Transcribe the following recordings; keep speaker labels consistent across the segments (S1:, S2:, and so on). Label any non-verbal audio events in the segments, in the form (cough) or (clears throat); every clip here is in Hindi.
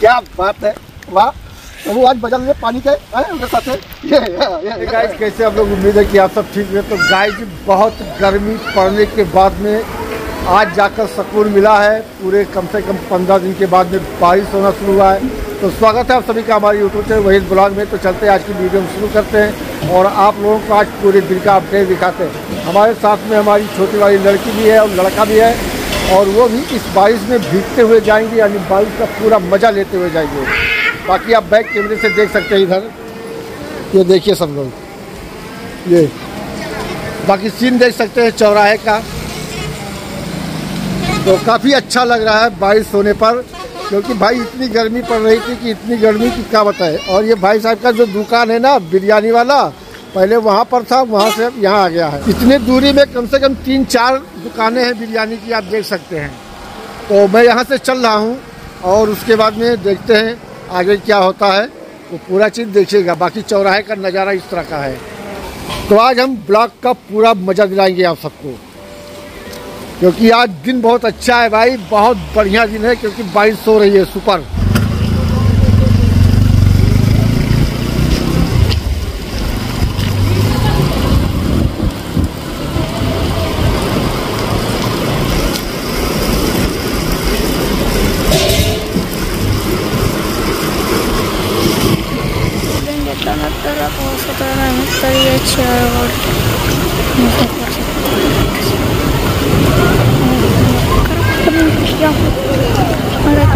S1: क्या बात है वाह तो वो आज बजा में पानी के उनके साथ ये, ये, ये गाइस कैसे आप लोग उम्मीद है कि आप सब ठीक है तो गाइस बहुत गर्मी पड़ने के बाद में आज जाकर सकून मिला है पूरे कम से कम पंद्रह दिन के बाद में बारिश होना शुरू हुआ है तो स्वागत है आप सभी का हमारे यूट्यूब चैनल वही ब्लॉग में तो चलते हैं आज की वीडियो हम शुरू करते हैं और आप लोगों को आज पूरे दिन का अपडेट दिखाते हैं हमारे साथ में हमारी छोटी वाली लड़की भी है और लड़का भी है और वो भी इस बारिश में भीगते हुए जाएंगे यानी बारिश का पूरा मज़ा लेते हुए जाएंगे बाकी आप बैक कैमरे से देख सकते हैं इधर ये देखिए सब लोग ये बाकी सीन देख सकते हैं चौराहे का तो काफ़ी अच्छा लग रहा है बारिश होने पर क्योंकि भाई इतनी गर्मी पड़ रही थी कि इतनी गर्मी की क्या बताए और ये भाई साहब का जो दुकान है ना बिरयानी वाला पहले वहाँ पर था वहाँ से यहाँ आ गया है इतनी दूरी में कम से कम तीन चार दुकानें हैं बिरयानी की आप देख सकते हैं तो मैं यहाँ से चल रहा हूँ और उसके बाद में देखते हैं आगे क्या होता है वो तो पूरा चीज़ देखिएगा बाकी चौराहे का नज़ारा इस तरह का है तो आज हम ब्लॉग का पूरा मज़ा दिलाएंगे आप सबको क्योंकि आज दिन बहुत अच्छा है भाई बहुत बढ़िया दिन है क्योंकि बारिश हो रही है सुपर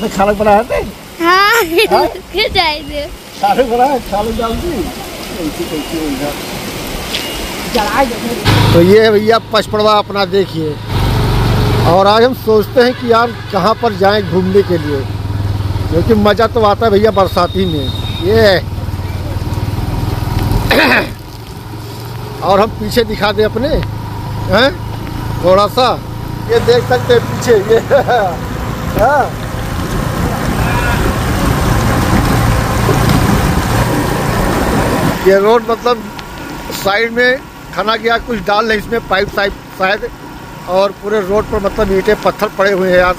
S1: तो खाना बना थे हाँ, हाँ? तो ये भैया पचपड़वा अपना देखिए और आज हम सोचते हैं कि यार कहाँ पर जाएं घूमने के लिए क्योंकि मज़ा तो आता है भैया बरसाती में ये और हम पीछे दिखा दें अपने हैं थोड़ा सा ये देख सकते हैं पीछे ये (laughs) हाँ ये रोड मतलब साइड में खाना गया कुछ डाल नहीं इसमें पाइप साइप शायद और पूरे रोड पर मतलब ईटे पत्थर पड़े हुए हैं यार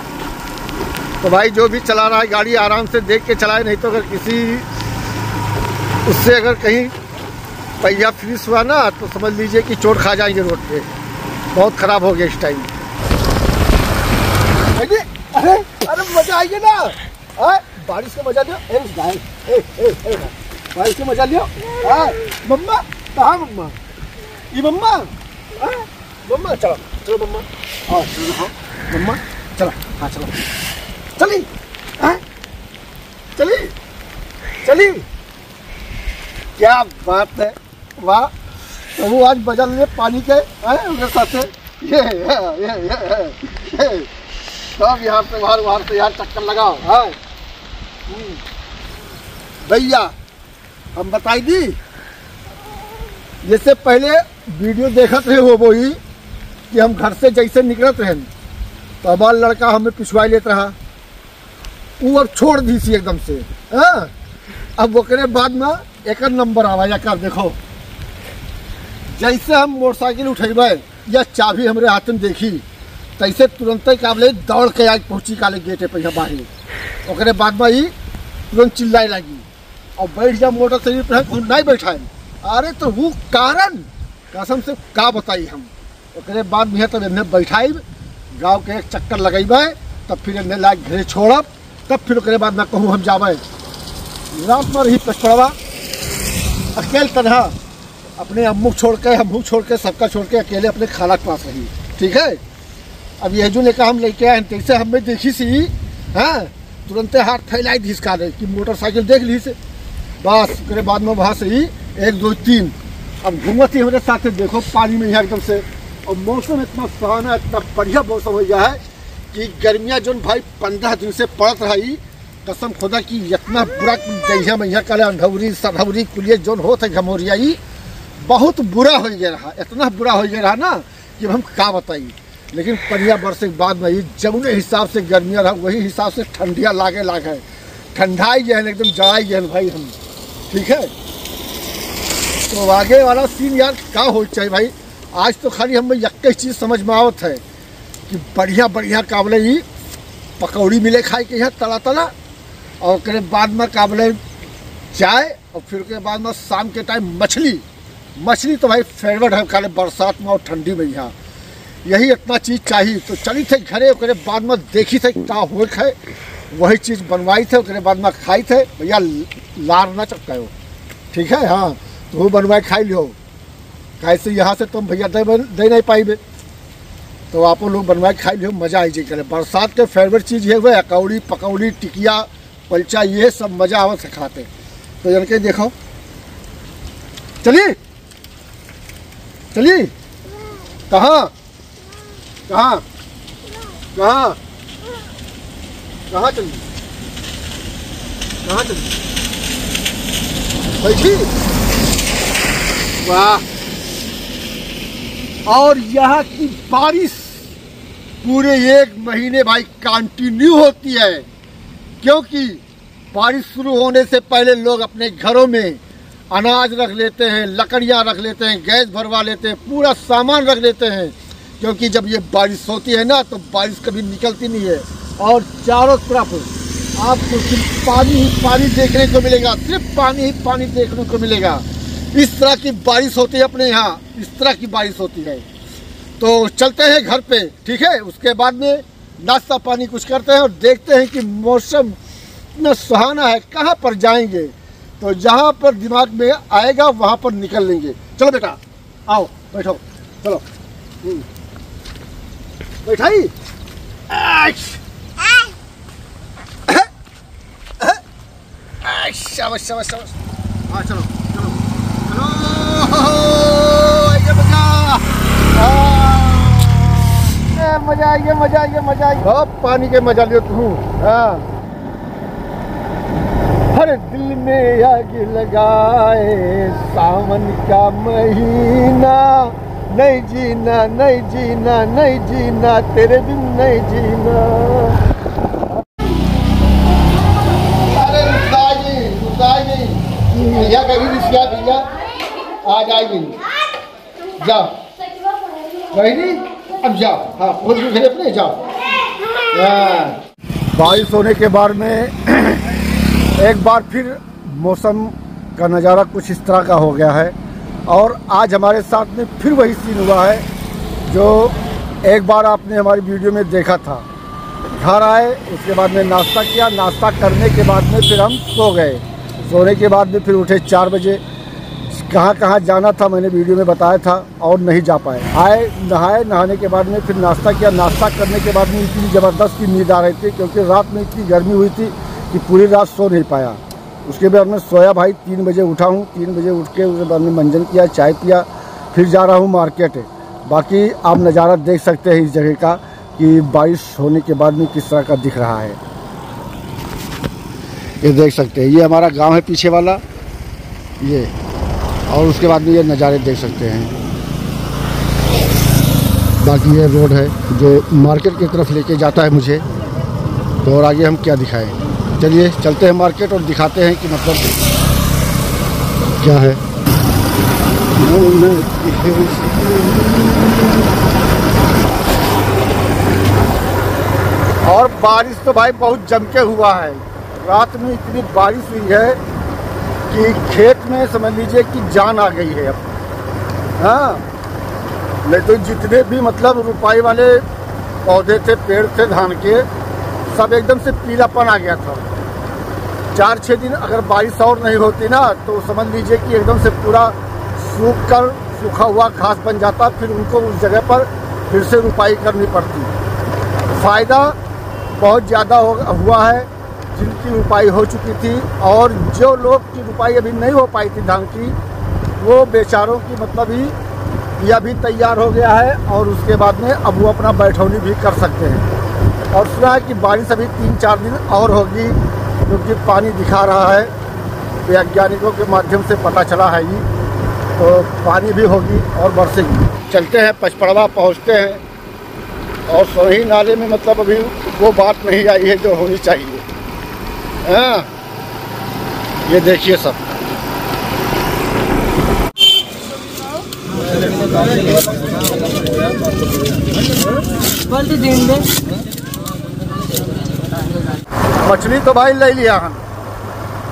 S1: तो भाई जो भी चला रहा है गाड़ी आराम से देख के चलाए नहीं तो अगर किसी उससे अगर कहीं पहिया फ्रीस हुआ ना तो समझ लीजिए कि चोट खा जाएंगे रोड पे बहुत ख़राब हो गया इस टाइम अरे अरे मजा आइए ना आ, बारिश का मजा दो ए, ए, ए, ए, ए, ए, भाई से मजा लियो हाँ, मम्मा कहा मम्मा ये मम्मा हाँ, मम्मा चलो चलो मम्मा हाँ चलो हाँ, दिखाओ मम्मा चलो हाँ चलो चली चली चली क्या बात है वाह तो वो आज बजा लिए पानी के हैं उनके साथ ये ये ये ये सब यहाँ पे बाहर बाहर से यार चक्कर लगाओ हाँ हम्म। भैया हम बताई दी जैसे पहले वीडियो देखत रहे हो वो ही कि हम घर से जैसे निकलत रहे तो अब लड़का हमें पिछवाई लेता रहा वो अब छोड़ दी सी एकदम से आ? हाँ? अब ओकरे बाद में एक नंबर आवा कर देखो जैसे हम मोटरसाइकिल उठेबे या चाबी हमारे हाथ में देखी तैसे तुरंत काबले दौड़ के आज पहुँची काले गेटे पर बाहरी ओकरे बाद में ही तुरंत चिल्लाए लगी और बैठ जा मोटरसाइकिल पर नहीं बैठा अरे तो वो कारण कसम से का बताई हम ओकरे बाद है तब इन्हें बैठाई गाँव के एक चक्कर लगेबे तब फिर इन्हें लाइक घरे छोड़ब तब फिर ओकरे बाद में कहूँ हम जाब राम पर ही पछपड़वा अकेले तरह अपने अम्मू छोड़ के हमू छोड़ के सबका छोड़ के अकेले अपने खाला के पास रही ठीक है अब यह जो लेकर हम लेके आए तैसे हमें देखी सी हाँ तुरंत हाथ फैलाई दी इसका कि मोटरसाइकिल देख ली से बस उसके बाद में वहाँ से ही एक दो तीन अब घूमती हमारे साथ देखो पानी में यहाँ एकदम से और मौसम इतना सुहाना इतना बढ़िया मौसम हो गया है कि गर्मियाँ जो भाई पंद्रह दिन से पड़त रही कसम खुदा की इतना बुरा जहिया मैया कल अंधौरी सरहौरी कुलिए जोन होते घमोरियाई बहुत बुरा हो गया रहा इतना बुरा हो गया रहा ना कि हम कहाँ बताई लेकिन पंद्रह वर्ष के बाद में जमने हिसाब से गर्मियाँ रहा वही हिसाब से ठंडिया लागे लागे ठंडाई गए एकदम जड़ाई गए भाई हम ठीक है तो आगे वाला सीन यार क्या हो चाहिए भाई आज तो खाली हमें यक्के चीज़ समझ में आवत है कि बढ़िया बढ़िया काबले ही पकौड़ी मिले खाए के यहाँ तला तला और उसके बाद में काबले चाय और फिर उसके बाद में शाम के टाइम मछली मछली तो भाई फेवरेट है खाले बरसात में और ठंडी में यहाँ यही इतना चीज़ चाहिए तो चली थे घरे उसके बाद में देखी थे क्या हो है वही चीज़ बनवाई थे उतने बाद में खाई थे भैया लार ना हो ठीक है हाँ तो वो बनवाए खाई लियो कैसे यहाँ से तुम भैया दे, दे नहीं पाइबे तो आप लोग बनवाए खाई लियो मज़ा आई जी बरसात के फेवरेट चीज़ है हुए अकौड़ी पकौड़ी टिकिया पलचा ये सब मज़ा आवत खाते तो जन के देखो चलिए चलिए कहाँ कहाँ कहाँ कहाँ चल गई कहाँ चल बैठी वाह और यहाँ की बारिश पूरे एक महीने भाई कंटिन्यू होती है क्योंकि बारिश शुरू होने से पहले लोग अपने घरों में अनाज रख लेते हैं लकड़ियाँ रख लेते हैं गैस भरवा लेते हैं पूरा सामान रख लेते हैं क्योंकि जब ये बारिश होती है ना तो बारिश कभी निकलती नहीं है और चारों तरफ आपको सिर्फ पानी ही पानी देखने को मिलेगा सिर्फ पानी ही पानी देखने को मिलेगा इस तरह की बारिश होती है अपने यहाँ इस तरह की बारिश होती है तो चलते हैं घर पे ठीक है उसके बाद में नाश्ता पानी कुछ करते हैं और देखते हैं कि मौसम इतना सुहाना है कहाँ पर जाएंगे तो जहाँ पर दिमाग में आएगा वहाँ पर निकल लेंगे चलो बेटा आओ बैठो चलो हम्म। बैठाई शाबाश चलो चलो चलो मजा मजा मजा पानी के मजा लियो तू हर दिल में आग लगाए सावन का महीना नहीं जीना नहीं जीना नहीं जीना तेरे दिन नहीं जीना भैया कभी सिया भैया आ जाएगी जाओ कहीं अब जाओ हाँ खुद घर अपने जाओ हाँ। बारिश होने के बाद में (clears throat) एक बार फिर मौसम का नज़ारा कुछ इस तरह का हो गया है और आज हमारे साथ में फिर वही सीन हुआ है जो एक बार आपने हमारी वीडियो में देखा था घर आए उसके बाद में नाश्ता किया नाश्ता करने के बाद में फिर हम सो गए सोने के बाद में फिर उठे चार बजे कहाँ कहाँ जाना था मैंने वीडियो में बताया था और नहीं जा पाए आए नहाए नहाने के बाद में फिर नाश्ता किया नाश्ता करने के बाद में इतनी ज़बरदस्त की नींद आ रही थी क्योंकि रात में इतनी गर्मी हुई थी कि पूरी रात सो नहीं पाया उसके बाद मैं सोया भाई तीन बजे उठा हूँ तीन बजे उठ के उसके बाद में मंजन किया चाय पिया फिर जा रहा हूँ मार्केट बाकी आप नज़ारा देख सकते हैं इस जगह का कि बारिश होने के बाद में किस तरह का दिख रहा है ये देख सकते हैं ये हमारा गांव है पीछे वाला ये और उसके बाद में ये नज़ारे देख सकते हैं बाकी ये रोड है जो मार्केट की तरफ लेके जाता है मुझे तो और आगे हम क्या दिखाएं चलिए चलते हैं मार्केट और दिखाते हैं कि मतलब क्या है और बारिश तो भाई बहुत जम के हुआ है रात में इतनी बारिश हुई है कि खेत में समझ लीजिए कि जान आ गई है अब हाँ नहीं तो जितने भी मतलब रुपाई वाले पौधे थे पेड़ थे धान के सब एकदम से पीलापन आ गया था चार छः दिन अगर बारिश और नहीं होती ना तो समझ लीजिए कि एकदम से पूरा सूख कर सूखा हुआ घास बन जाता फिर उनको उस जगह पर फिर से रुपाई करनी पड़ती फ़ायदा बहुत ज़्यादा हुआ है जिनकी रुपाई हो चुकी थी और जो लोग की रुपाई अभी नहीं हो पाई थी धान की वो बेचारों की मतलब ही यह भी तैयार हो गया है और उसके बाद में अब वो अपना बैठौनी भी कर सकते हैं और सुना है कि बारिश अभी तीन चार दिन और होगी क्योंकि पानी दिखा रहा है वैज्ञानिकों के माध्यम से पता चला है ये तो पानी भी होगी और बरसेगी चलते हैं पचपड़वा पहुँचते हैं और सोही नाले में मतलब अभी वो बात नहीं आई है जो होनी चाहिए हाँ ये देखिए सब मछली तो भाई ले लिया हम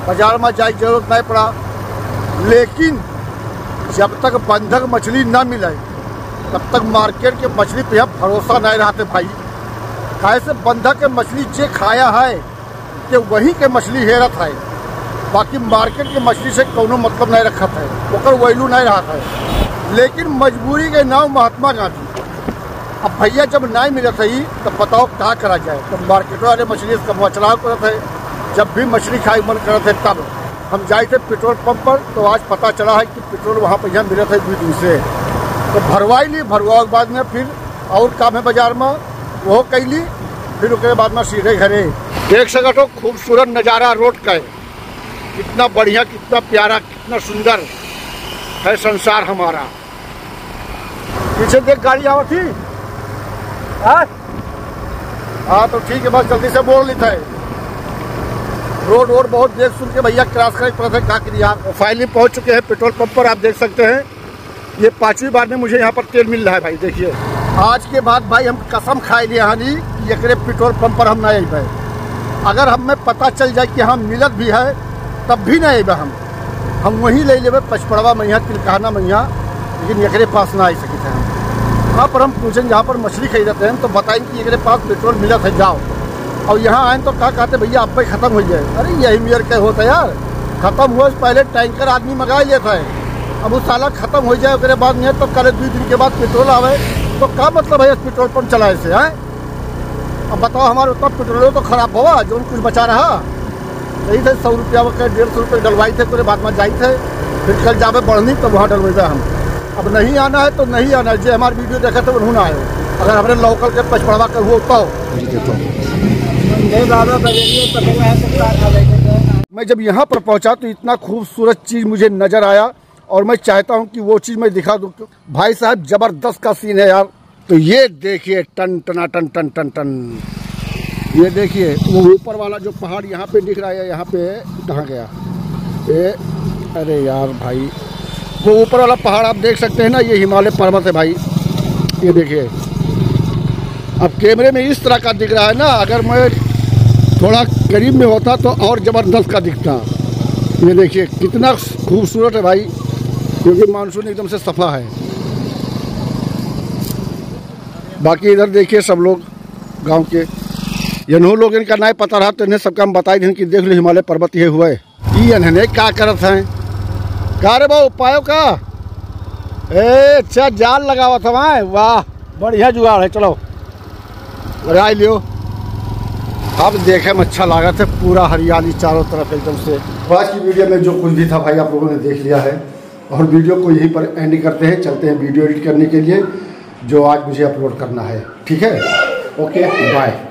S1: बाजार में जाए जरूरत नहीं पड़ा लेकिन जब तक बंधक मछली ना मिले तब तक मार्केट के मछली पे भरोसा नहीं रहते भाई कैसे बंधक के मछली जे खाया है कि वही के मछली हेरत है बाकी मार्केट के मछली से कोनो मतलब नहीं रखत है वकर वैल्यू नहीं रहा है लेकिन मजबूरी के नाम महात्मा गांधी अब भैया जब नहीं मिलत है तब बताओ कहाँ करा जाए तो मार्केट वाले मछली कब मचलाव करत है जब भी मछली खाए मन करत है तब हम जाए थे पेट्रोल पंप पर तो आज पता चला है कि पेट्रोल वहाँ पर यहाँ मिलत है दूर से तो भरवाई ली भरवा के बाद में फिर और काम है बाजार में वह कैली फिर उसके बाद में सीधे घरे देख सको तो खूबसूरत नज़ारा रोड का है कितना बढ़िया कितना प्यारा कितना सुंदर है संसार हमारा पीछे देख गाड़ी आओ थी हाँ तो ठीक है बस जल्दी से बोल लेता है रोड वोड बहुत देख सुन के भैया क्रॉस कर पड़ा था फाइनली पहुंच चुके हैं पेट्रोल पंप पर आप देख सकते हैं ये पांचवी बार में मुझे यहाँ पर तेल मिल रहा है भाई देखिए आज के बाद भाई हम कसम खाए लिए हानि एक पेट्रोल पंप पर हम नए भाई अगर हमें पता चल जाए कि हाँ मिलत भी है तब भी नहीं अब हम हम वहीं ले लेबे पचपड़वा मैया तिलकाना मैया लेकिन एक पास ना आई सकते थे वहाँ पर हम पूछें जहाँ पर मछली खरीदते हैं तो बताएं कि एक पास पेट्रोल मिलत है जाओ और यहाँ आए तो क्या कहते भैया अब ख़त्म हो जाए अरे यही मेयर कह होता है यार ख़त्म हुआ पहले टैंकर आदमी मंगा लेता है अब वो साला ख़त्म हो जाए उसके बाद नहीं तो करे दो दिन के बाद पेट्रोल आवे तो क्या मतलब है इस पेट्रोल पंप चलाए से है अब बताओ हमारे उतना पेट्रोलो तो खराब हुआ जो कुछ बचा रहा यही थे सौ रुपया के डेढ़ सौ रुपये डलवाई थे पूरे बाद में जाए थे फिर कल जाबे बढ़नी तो वहाँ डलवेगा हम अब नहीं आना है तो नहीं आना है जो हमारे वीडियो देखे थे उन्होंने आए अगर हमारे लोकल के पचपड़वा कर हुआ तो मैं जब यहाँ पर पहुँचा तो इतना खूबसूरत चीज़ मुझे नज़र आया और मैं चाहता हूँ कि वो चीज़ मैं दिखा दूँ भाई साहब ज़बरदस्त का सीन है यार तो ये देखिए टन टना टन टन टन टन ये देखिए वो ऊपर वाला जो पहाड़ यहाँ पे दिख रहा है यहाँ पे कहाँ गया ये अरे यार भाई वो ऊपर वाला पहाड़ आप देख सकते हैं ना ये हिमालय पर्वत है भाई ये देखिए अब कैमरे में इस तरह का दिख रहा है ना अगर मैं थोड़ा करीब में होता तो और ज़बरदस्त का दिखता ये देखिए कितना खूबसूरत है भाई क्योंकि मानसून एकदम से सफ़ा है बाकी इधर देखिए सब लोग गांव के ये यनहू लोग इनका नाय पता रहा तो इन्हें सबका हम बताई दें कि देख लो हिमालय पर्वत ये हुआ है ये इन्हें क्या करत हैं का रे बा उपायों का ए अच्छा जाल लगावा था वहाँ वाह बढ़िया जुगाड़ है चलो बढ़ा लियो अब देखे में अच्छा लगा था पूरा हरियाली चारों तरफ एकदम से तो आज की वीडियो में जो कुछ भी था भाई आप लोगों ने देख लिया है और वीडियो को यहीं पर एंड करते हैं चलते हैं वीडियो एडिट करने के लिए जो आज मुझे अपलोड करना है ठीक है ओके बाय